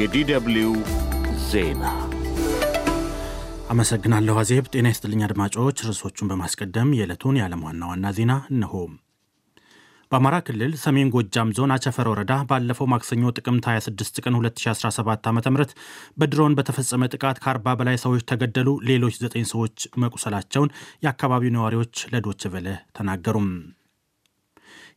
የዲደብሊው ዜና አመሰግናለሁ አዜብ። ጤና ይስጥልኝ አድማጮች። ርዕሶቹን በማስቀደም የዕለቱን የዓለም ዋና ዋና ዜና እነሆ። በአማራ ክልል ሰሜን ጎጃም ዞን አቸፈር ወረዳ ባለፈው ማክሰኞ ጥቅምት 26 ቀን 2017 ዓ ም በድሮን በተፈጸመ ጥቃት ከ40 በላይ ሰዎች ተገደሉ፣ ሌሎች ዘጠኝ ሰዎች መቁሰላቸውን የአካባቢው ነዋሪዎች ለዶችቨለ ተናገሩም።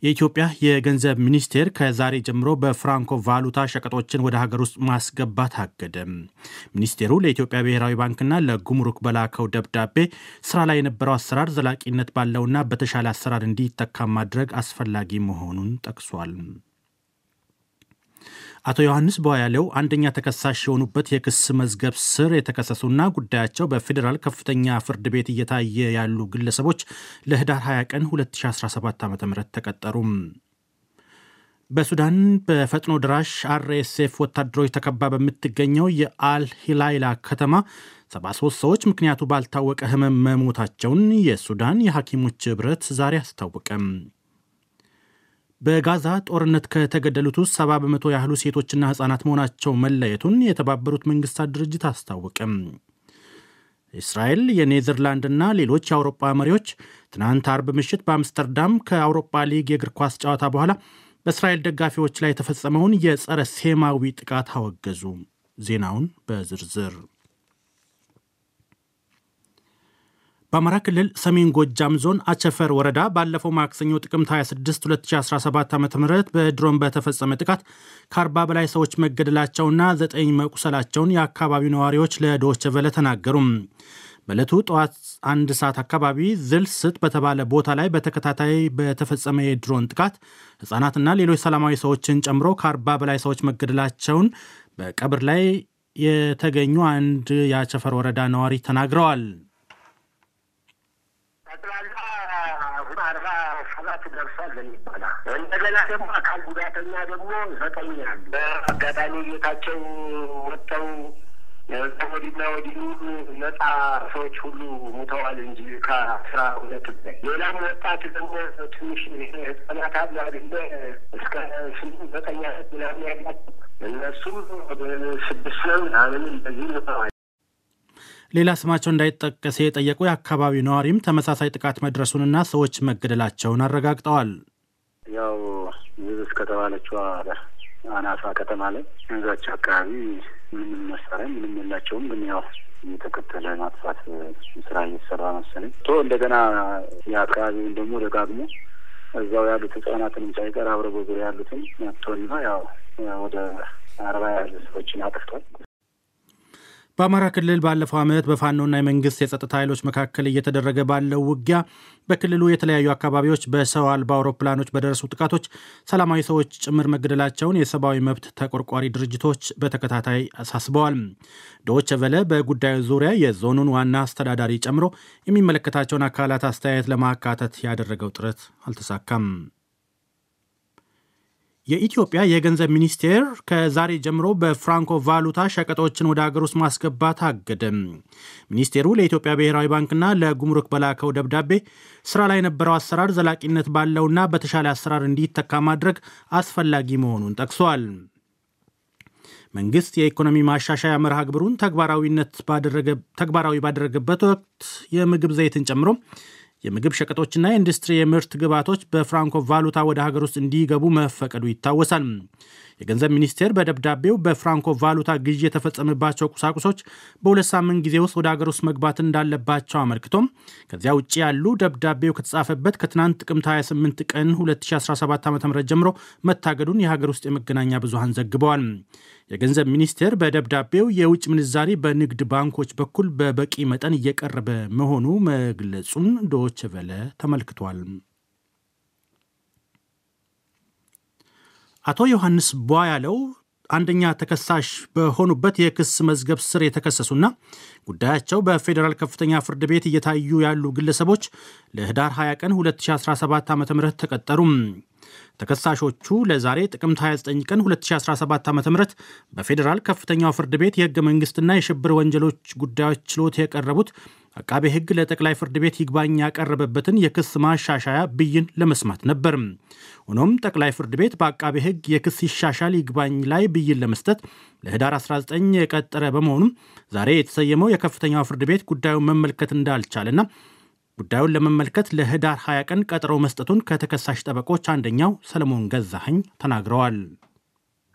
የኢትዮጵያ የገንዘብ ሚኒስቴር ከዛሬ ጀምሮ በፍራንኮ ቫሉታ ሸቀጦችን ወደ ሀገር ውስጥ ማስገባት አገደ። ሚኒስቴሩ ለኢትዮጵያ ብሔራዊ ባንክና ለጉምሩክ በላከው ደብዳቤ ስራ ላይ የነበረው አሰራር ዘላቂነት ባለውና በተሻለ አሰራር እንዲተካ ማድረግ አስፈላጊ መሆኑን ጠቅሷል። አቶ ዮሐንስ በያለው አንደኛ ተከሳሽ የሆኑበት የክስ መዝገብ ስር የተከሰሱና ጉዳያቸው በፌዴራል ከፍተኛ ፍርድ ቤት እየታየ ያሉ ግለሰቦች ለህዳር 20 ቀን 2017 ዓ ም ተቀጠሩ። በሱዳን በፈጥኖ ድራሽ አርኤስኤፍ ወታደሮች ተከባ በምትገኘው የአልሂላይላ ከተማ 73 ሰዎች ምክንያቱ ባልታወቀ ህመም መሞታቸውን የሱዳን የሐኪሞች ኅብረት ዛሬ አስታወቀም። በጋዛ ጦርነት ከተገደሉት ውስጥ ሰባ በመቶ ያህሉ ሴቶችና ህጻናት መሆናቸው መለየቱን የተባበሩት መንግስታት ድርጅት አስታወቅም። እስራኤል የኔዘርላንድና ሌሎች የአውሮፓ መሪዎች ትናንት አርብ ምሽት በአምስተርዳም ከአውሮፓ ሊግ የእግር ኳስ ጨዋታ በኋላ በእስራኤል ደጋፊዎች ላይ የተፈጸመውን የጸረ ሴማዊ ጥቃት አወገዙ። ዜናውን በዝርዝር በአማራ ክልል ሰሜን ጎጃም ዞን አቸፈር ወረዳ ባለፈው ማክሰኞ ጥቅምት 26 2017 ዓ ም በድሮን በተፈጸመ ጥቃት ከ40 በላይ ሰዎች መገደላቸውና ዘጠኝ መቁሰላቸውን የአካባቢው ነዋሪዎች ለዶይቼ ተናገሩ። ተናገሩም። በዕለቱ ጠዋት አንድ ሰዓት አካባቢ ዝል ስት በተባለ ቦታ ላይ በተከታታይ በተፈጸመ የድሮን ጥቃት ሕፃናትና ሌሎች ሰላማዊ ሰዎችን ጨምሮ ከአርባ በላይ ሰዎች መገደላቸውን በቀብር ላይ የተገኙ አንድ የአቸፈር ወረዳ ነዋሪ ተናግረዋል። ብለን ይባላል። እንደገና ደግሞ አካል ጉዳተኛ ደግሞ ዘጠኝ ያሉ በአጋጣሚ ቤታቸው ወጥተው ወዲና ወዲህ ሁሉ ነጻ ሰዎች ሁሉ ሞተዋል እንጂ ከአስራ ሁለት ላይ ሌላም ወጣት ደግሞ ትንሽ ህጻናት አሉ አይደለ እስከ ስምንት ዘጠኝ ምናምን ያላት እነሱም ስድስት ነው ምናምን እንደዚህ ሞተዋል። ሌላ ስማቸው እንዳይጠቀስ የጠየቁ የአካባቢው ነዋሪም ተመሳሳይ ጥቃት መድረሱንና ሰዎች መገደላቸውን አረጋግጠዋል። ያው ዝብስ ከተባለችው አናሳ ከተማ ላይ እዛች አካባቢ ምንም መሳሪያ ምንም የላቸውም፣ ግን ያው የተከተለ ማጥፋት ስራ እየተሰራ መሰለኝ ቶ እንደገና የአካባቢውን ደግሞ ደጋግሞ እዛው ያሉት ህጻናትንም ሳይቀር አብረ በዙሪያ ያሉትን መጥቶና ያው ወደ አርባ ያህል ሰዎችን አጥፍቷል። በአማራ ክልል ባለፈው ዓመት በፋኖና የመንግስት የጸጥታ ኃይሎች መካከል እየተደረገ ባለው ውጊያ በክልሉ የተለያዩ አካባቢዎች በሰው አልባ አውሮፕላኖች በደረሱ ጥቃቶች ሰላማዊ ሰዎች ጭምር መገደላቸውን የሰብአዊ መብት ተቆርቋሪ ድርጅቶች በተከታታይ አሳስበዋል። ዶች ቨለ በጉዳዩ ዙሪያ የዞኑን ዋና አስተዳዳሪ ጨምሮ የሚመለከታቸውን አካላት አስተያየት ለማካተት ያደረገው ጥረት አልተሳካም። የኢትዮጵያ የገንዘብ ሚኒስቴር ከዛሬ ጀምሮ በፍራንኮ ቫሉታ ሸቀጦችን ወደ አገር ውስጥ ማስገባት አገደም። ሚኒስቴሩ ለኢትዮጵያ ብሔራዊ ባንክና ለጉምሩክ በላከው ደብዳቤ ስራ ላይ የነበረው አሰራር ዘላቂነት ባለውና በተሻለ አሰራር እንዲተካ ማድረግ አስፈላጊ መሆኑን ጠቅሷል። መንግስት የኢኮኖሚ ማሻሻያ መርሃ ግብሩን ተግባራዊ ባደረገበት ወቅት የምግብ ዘይትን ጨምሮ የምግብ ሸቀጦችና የኢንዱስትሪ የምርት ግብዓቶች በፍራንኮ ቫሉታ ወደ ሀገር ውስጥ እንዲገቡ መፈቀዱ ይታወሳል። የገንዘብ ሚኒስቴር በደብዳቤው በፍራንኮ ቫሉታ ግዢ የተፈጸመባቸው ቁሳቁሶች በሁለት ሳምንት ጊዜ ውስጥ ወደ ሀገር ውስጥ መግባት እንዳለባቸው አመልክቶም ከዚያ ውጭ ያሉ ደብዳቤው ከተጻፈበት ከትናንት ጥቅምት 28 ቀን 2017 ዓ ም ጀምሮ መታገዱን የሀገር ውስጥ የመገናኛ ብዙሃን ዘግበዋል። የገንዘብ ሚኒስቴር በደብዳቤው የውጭ ምንዛሪ በንግድ ባንኮች በኩል በበቂ መጠን እየቀረበ መሆኑ መግለጹን ዶችቨለ ተመልክቷል። አቶ ዮሐንስ ቧ ያለው አንደኛ ተከሳሽ በሆኑበት የክስ መዝገብ ስር የተከሰሱና ጉዳያቸው በፌዴራል ከፍተኛ ፍርድ ቤት እየታዩ ያሉ ግለሰቦች ለህዳር 20 ቀን 2017 ዓ ም ተቀጠሩ። ተከሳሾቹ ለዛሬ ጥቅምት 29 ቀን 2017 ዓ ም በፌዴራል ከፍተኛው ፍርድ ቤት የህገ መንግስትና የሽብር ወንጀሎች ጉዳዮች ችሎት የቀረቡት አቃቤ ህግ ለጠቅላይ ፍርድ ቤት ይግባኝ ያቀረበበትን የክስ ማሻሻያ ብይን ለመስማት ነበር። ሆኖም ጠቅላይ ፍርድ ቤት በአቃቤ ህግ የክስ ይሻሻል ይግባኝ ላይ ብይን ለመስጠት ለህዳር 19 የቀጠረ በመሆኑም ዛሬ የተሰየመው የከፍተኛው ፍርድ ቤት ጉዳዩን መመልከት እንዳልቻለና ጉዳዩን ለመመልከት ለህዳር 20 ቀን ቀጠሮ መስጠቱን ከተከሳሽ ጠበቆች አንደኛው ሰለሞን ገዛኸኝ ተናግረዋል።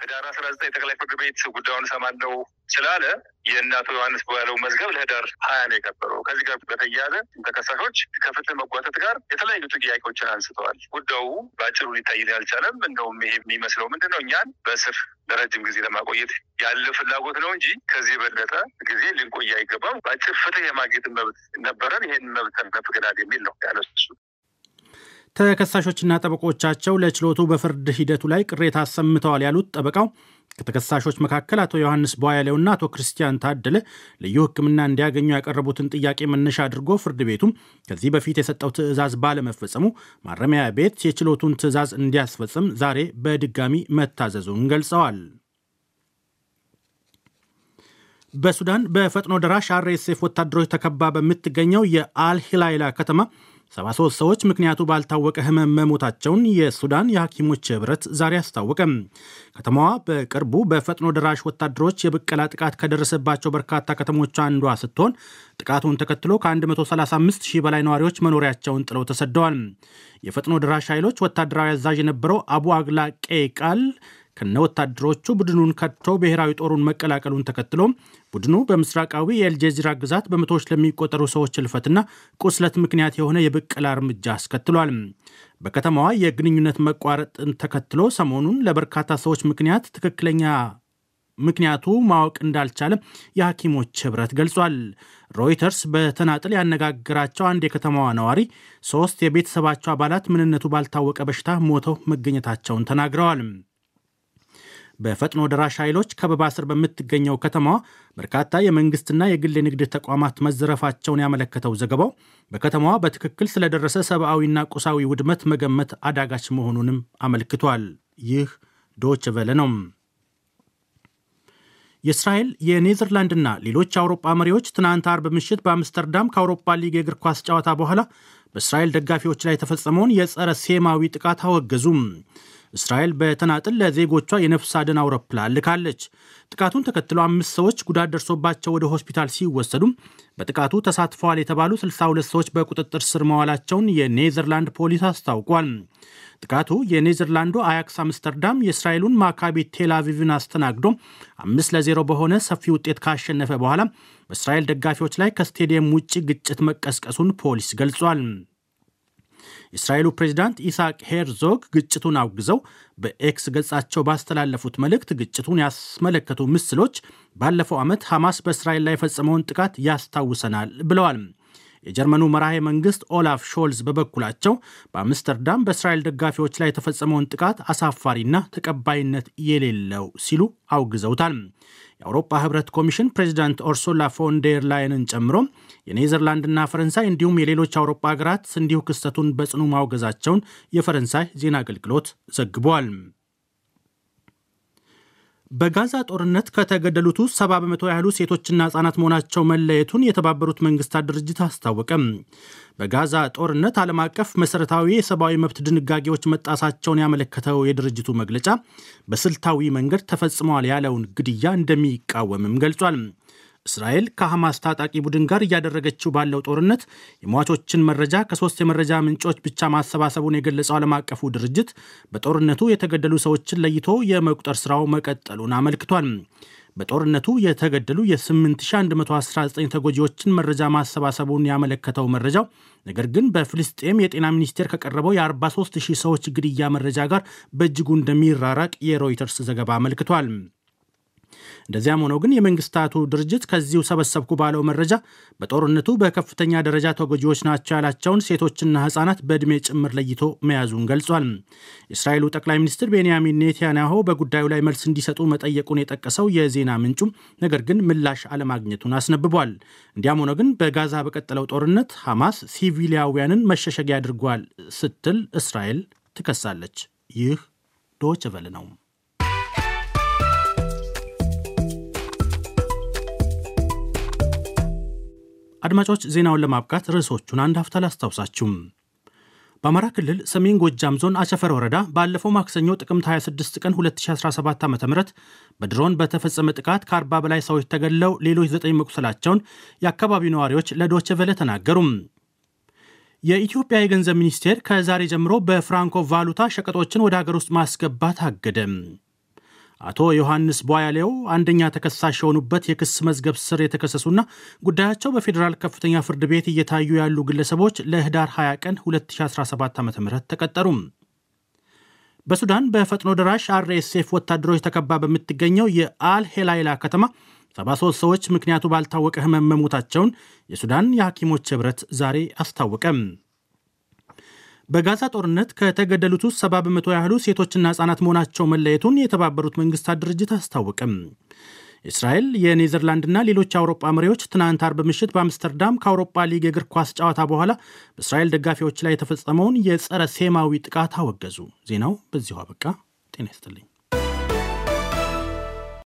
ህዳር 19 ጠቅላይ ፍርድ ቤት ጉዳዩን እሰማለሁ ስላለ የእናቶ ዮሐንስ ባለው መዝገብ ለህዳር ሀያ ነው የቀጠረው። ከዚህ ጋር በተያያዘ ተከሳሾች ከፍትህ መጓተት ጋር የተለያዩ ጥያቄዎችን አንስተዋል። ጉዳዩ በአጭሩ ሊታይ አልቻለም። እንደውም ይሄ የሚመስለው ምንድን ነው እኛን በስር ለረጅም ጊዜ ለማቆየት ያለ ፍላጎት ነው እንጂ ከዚህ የበለጠ ጊዜ ልንቆይ አይገባም። በአጭር ፍትህ የማግኘት መብት ነበረን፣ ይህን መብት ተነፍገናል የሚል ነው ያነሱ። ተከሳሾችና ጠበቆቻቸው ለችሎቱ በፍርድ ሂደቱ ላይ ቅሬታ አሰምተዋል ያሉት ጠበቃው ከተከሳሾች መካከል አቶ ዮሐንስ ቧያሌውና አቶ ክርስቲያን ታደለ ልዩ ሕክምና እንዲያገኙ ያቀረቡትን ጥያቄ መነሻ አድርጎ ፍርድ ቤቱም ከዚህ በፊት የሰጠው ትዕዛዝ ባለመፈጸሙ ማረሚያ ቤት የችሎቱን ትዕዛዝ እንዲያስፈጽም ዛሬ በድጋሚ መታዘዙን ገልጸዋል። በሱዳን በፈጥኖ ደራሽ አርኤስኤፍ ወታደሮች ተከባ በምትገኘው የአልሂላይላ ከተማ 73 ሰዎች ምክንያቱ ባልታወቀ ህመም መሞታቸውን የሱዳን የሐኪሞች ህብረት ዛሬ አስታወቀም። ከተማዋ በቅርቡ በፈጥኖ ደራሽ ወታደሮች የብቀላ ጥቃት ከደረሰባቸው በርካታ ከተሞች አንዷ ስትሆን ጥቃቱን ተከትሎ ከ135 ሺህ በላይ ነዋሪዎች መኖሪያቸውን ጥለው ተሰደዋል። የፈጥኖ ደራሽ ኃይሎች ወታደራዊ አዛዥ የነበረው አቡ አግላ ቄ ቃል ከነ ወታደሮቹ ቡድኑን ከቶ ብሔራዊ ጦሩን መቀላቀሉን ተከትሎ ቡድኑ በምስራቃዊ የኤልጀዚራ ግዛት በመቶዎች ለሚቆጠሩ ሰዎች እልፈትና ቁስለት ምክንያት የሆነ የብቀላ እርምጃ አስከትሏል። በከተማዋ የግንኙነት መቋረጥን ተከትሎ ሰሞኑን ለበርካታ ሰዎች ምክንያት ትክክለኛ ምክንያቱ ማወቅ እንዳልቻለ የሐኪሞች ኅብረት ገልጿል። ሮይተርስ በተናጥል ያነጋገራቸው አንድ የከተማዋ ነዋሪ ሶስት የቤተሰባቸው አባላት ምንነቱ ባልታወቀ በሽታ ሞተው መገኘታቸውን ተናግረዋል። በፈጥኖ ደራሽ ኃይሎች ከበባ ስር በምትገኘው ከተማዋ በርካታ የመንግስትና የግል ንግድ ተቋማት መዘረፋቸውን ያመለከተው ዘገባው በከተማዋ በትክክል ስለደረሰ ሰብአዊና ቁሳዊ ውድመት መገመት አዳጋች መሆኑንም አመልክቷል። ይህ ዶች ቨለ ነው። የእስራኤል የኔዘርላንድና ሌሎች አውሮፓ መሪዎች ትናንት አርብ ምሽት በአምስተርዳም ከአውሮፓ ሊግ የእግር ኳስ ጨዋታ በኋላ በእስራኤል ደጋፊዎች ላይ የተፈጸመውን የጸረ ሴማዊ ጥቃት አወገዙም። እስራኤል በተናጥል ለዜጎቿ የነፍስ አድን አውሮፕላን ልካለች። ጥቃቱን ተከትሎ አምስት ሰዎች ጉዳት ደርሶባቸው ወደ ሆስፒታል ሲወሰዱም በጥቃቱ ተሳትፈዋል የተባሉ 62 ሰዎች በቁጥጥር ስር መዋላቸውን የኔዘርላንድ ፖሊስ አስታውቋል። ጥቃቱ የኔዘርላንዱ አያክስ አምስተርዳም የእስራኤሉን ማካቢ ቴል አቪቭን አስተናግዶ አምስት ለዜሮ በሆነ ሰፊ ውጤት ካሸነፈ በኋላ በእስራኤል ደጋፊዎች ላይ ከስቴዲየም ውጭ ግጭት መቀስቀሱን ፖሊስ ገልጿል። የእስራኤሉ ፕሬዚዳንት ኢሳቅ ሄርዞግ ግጭቱን አውግዘው በኤክስ ገጻቸው ባስተላለፉት መልእክት ግጭቱን ያስመለከቱ ምስሎች ባለፈው ዓመት ሐማስ በእስራኤል ላይ የፈጸመውን ጥቃት ያስታውሰናል ብለዋል። የጀርመኑ መራሄ መንግስት ኦላፍ ሾልዝ በበኩላቸው በአምስተርዳም በእስራኤል ደጋፊዎች ላይ የተፈጸመውን ጥቃት አሳፋሪና ተቀባይነት የሌለው ሲሉ አውግዘውታል። የአውሮፓ ህብረት ኮሚሽን ፕሬዚዳንት ኦርሱላ ፎን ላይንን ጨምሮ የኔዘርላንድና ፈረንሳይ እንዲሁም የሌሎች አውሮፓ ሀገራት እንዲሁ ክስተቱን በጽኑ ማውገዛቸውን የፈረንሳይ ዜና አገልግሎት ዘግቧል። በጋዛ ጦርነት ከተገደሉት ውስጥ ሰባ በመቶ ያህሉ ሴቶችና ህጻናት መሆናቸው መለየቱን የተባበሩት መንግስታት ድርጅት አስታወቀም። በጋዛ ጦርነት ዓለም አቀፍ መሠረታዊ የሰብአዊ መብት ድንጋጌዎች መጣሳቸውን ያመለከተው የድርጅቱ መግለጫ በስልታዊ መንገድ ተፈጽመዋል ያለውን ግድያ እንደሚቃወምም ገልጿል። እስራኤል ከሐማስ ታጣቂ ቡድን ጋር እያደረገችው ባለው ጦርነት የሟቾችን መረጃ ከሶስት የመረጃ ምንጮች ብቻ ማሰባሰቡን የገለጸው ዓለም አቀፉ ድርጅት በጦርነቱ የተገደሉ ሰዎችን ለይቶ የመቁጠር ስራው መቀጠሉን አመልክቷል። በጦርነቱ የተገደሉ የ8119 ተጎጂዎችን መረጃ ማሰባሰቡን ያመለከተው መረጃው ነገር ግን በፍልስጤም የጤና ሚኒስቴር ከቀረበው የ43000 ሰዎች ግድያ መረጃ ጋር በእጅጉ እንደሚራራቅ የሮይተርስ ዘገባ አመልክቷል። እንደዚያም ሆነው ግን የመንግስታቱ ድርጅት ከዚሁ ሰበሰብኩ ባለው መረጃ በጦርነቱ በከፍተኛ ደረጃ ተጎጂዎች ናቸው ያላቸውን ሴቶችና ህጻናት በዕድሜ ጭምር ለይቶ መያዙን ገልጿል። የእስራኤሉ ጠቅላይ ሚኒስትር ቤንያሚን ኔታንያሁ በጉዳዩ ላይ መልስ እንዲሰጡ መጠየቁን የጠቀሰው የዜና ምንጩ ነገር ግን ምላሽ አለማግኘቱን አስነብቧል። እንዲያም ሆነ ግን በጋዛ በቀጠለው ጦርነት ሐማስ ሲቪሊያውያንን መሸሸጊያ አድርጓል ስትል እስራኤል ትከሳለች። ይህ ዶችቨል ነው። አድማጮች ዜናውን ለማብቃት ርዕሶቹን አንድ ሀፍታ ላስታውሳችሁ። በአማራ ክልል ሰሜን ጎጃም ዞን አቸፈር ወረዳ ባለፈው ማክሰኞ ጥቅምት 26 ቀን 2017 ዓ ም በድሮን በተፈጸመ ጥቃት ከ40 በላይ ሰዎች ተገድለው ሌሎች ዘጠኝ መቁሰላቸውን የአካባቢው ነዋሪዎች ለዶቼ ቬለ ተናገሩ። የኢትዮጵያ የገንዘብ ሚኒስቴር ከዛሬ ጀምሮ በፍራንኮ ቫሉታ ሸቀጦችን ወደ ሀገር ውስጥ ማስገባት አገደ። አቶ ዮሐንስ ቧያሌው አንደኛ ተከሳሽ የሆኑበት የክስ መዝገብ ስር የተከሰሱና ጉዳያቸው በፌዴራል ከፍተኛ ፍርድ ቤት እየታዩ ያሉ ግለሰቦች ለህዳር 20 ቀን 2017 ዓ ም ተቀጠሩ። በሱዳን በፈጥኖ ደራሽ አርኤስኤፍ ወታደሮች ተከባ በምትገኘው የአል ሄላይላ ከተማ 73 ሰዎች ምክንያቱ ባልታወቀ ህመም መሞታቸውን የሱዳን የሐኪሞች ኅብረት ዛሬ አስታወቀም። በጋዛ ጦርነት ከተገደሉት ውስጥ ሰባ በመቶ ያህሉ ሴቶችና ህጻናት መሆናቸው መለየቱን የተባበሩት መንግስታት ድርጅት አስታወቅም። እስራኤል የኔዘርላንድና ሌሎች የአውሮጳ መሪዎች ትናንት አርብ ምሽት በአምስተርዳም ከአውሮፓ ሊግ የእግር ኳስ ጨዋታ በኋላ በእስራኤል ደጋፊዎች ላይ የተፈጸመውን የጸረ ሴማዊ ጥቃት አወገዙ። ዜናው በዚሁ አበቃ። ጤና ይስጥልኝ።